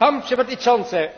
panie przewodniczący!